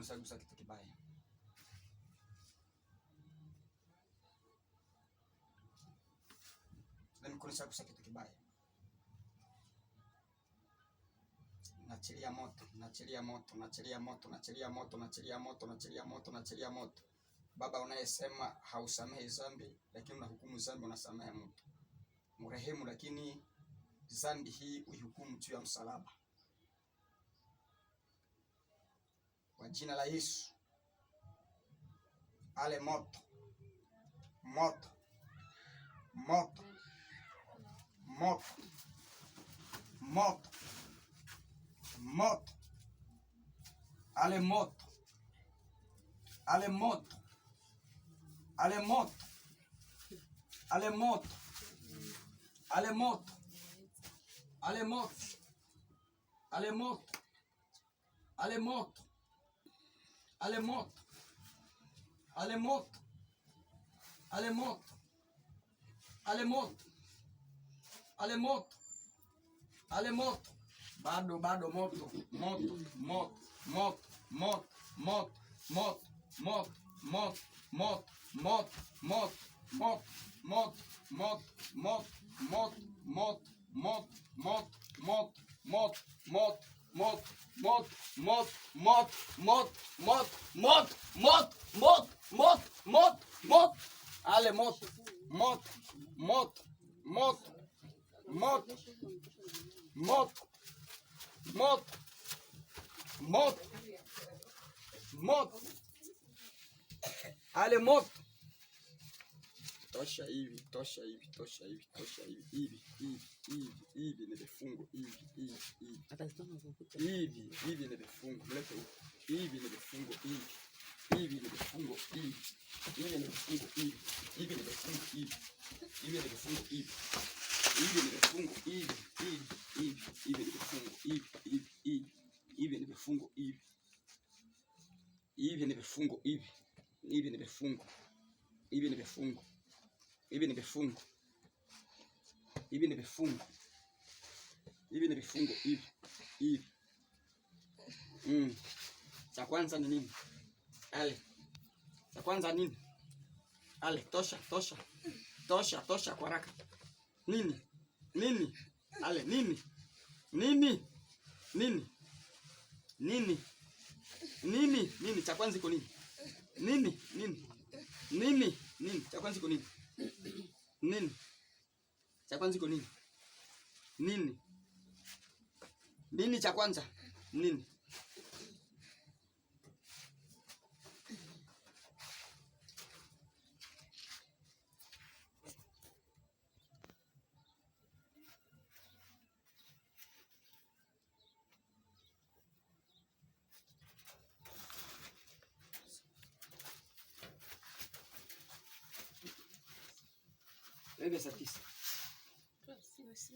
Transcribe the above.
umesagusa kitu kibaya. Nimekusagusa yaani kitu kibaya. Nachilia moto, nachilia moto, nachilia moto, nachilia moto, nachilia moto, nachilia moto, nachilia moto. Baba unayesema hausamehe dhambi lakini unahukumu dhambi, unasamehe mtu. Mrehemu, lakini dhambi hii uihukumu juu ya msalaba. Jina la Yesu. Ale moto, moto, moto, moto, moto, moto. Ale moto, ale moto, ale moto, ale moto, ale moto, ale moto, ale moto, ale moto. Allez, monte. Allez, monte. Allez, monte. Allez, mot Allez, monte. Allez, monte. Bado, moto, mot mot mot mot mot mot mot mot mot mot mot mot mot mot mot mot mot mot мод, мод, мод, мод, мод, мод, мод, мод. Але мод, мод, мод, мод, мод, мод, мод, мод, мод. Але мод. tosha hivi, tosha hivi, tosha hivi, tosha hivi, hivi, hivi, hivi, hivi ni vifungo hivi, hivi, hivi. Hata sitoma kukuta. Hivi, hivi ni vifungo. Mlete huko. Hivi ni vifungo hivi. Hivi ni vifungo hivi. Hivi ni vifungo hivi. Hivi ni vifungo hivi. Hivi ni vifungo hivi. Hivi ni vifungo hivi, hivi, hivi, hivi ni vifungo hivi, hivi, hivi. Hivi ni vifungo hivi. Hivi ni vifungo hivi. Hivi ni vifungo. Hivi ni vifungo hivi ni vifungo hivi ni vifungo hivi ni vifungo hivi hivi. Mm. Cha kwanza ni nini? Ale. Cha kwanza nini? Ale, tosha, tosha. Tosha, tosha kwa haraka. Nini? Nini? Ale, nini? Nini? Nini? Nini? Nini? Nini? Cha kwanza iko nini? Nini? Nini? Nini? Nini? Cha kwanza iko nini? Nini? Cha kwanza iko nini? Nini? Nini cha kwanza? Nini? Sí, sí.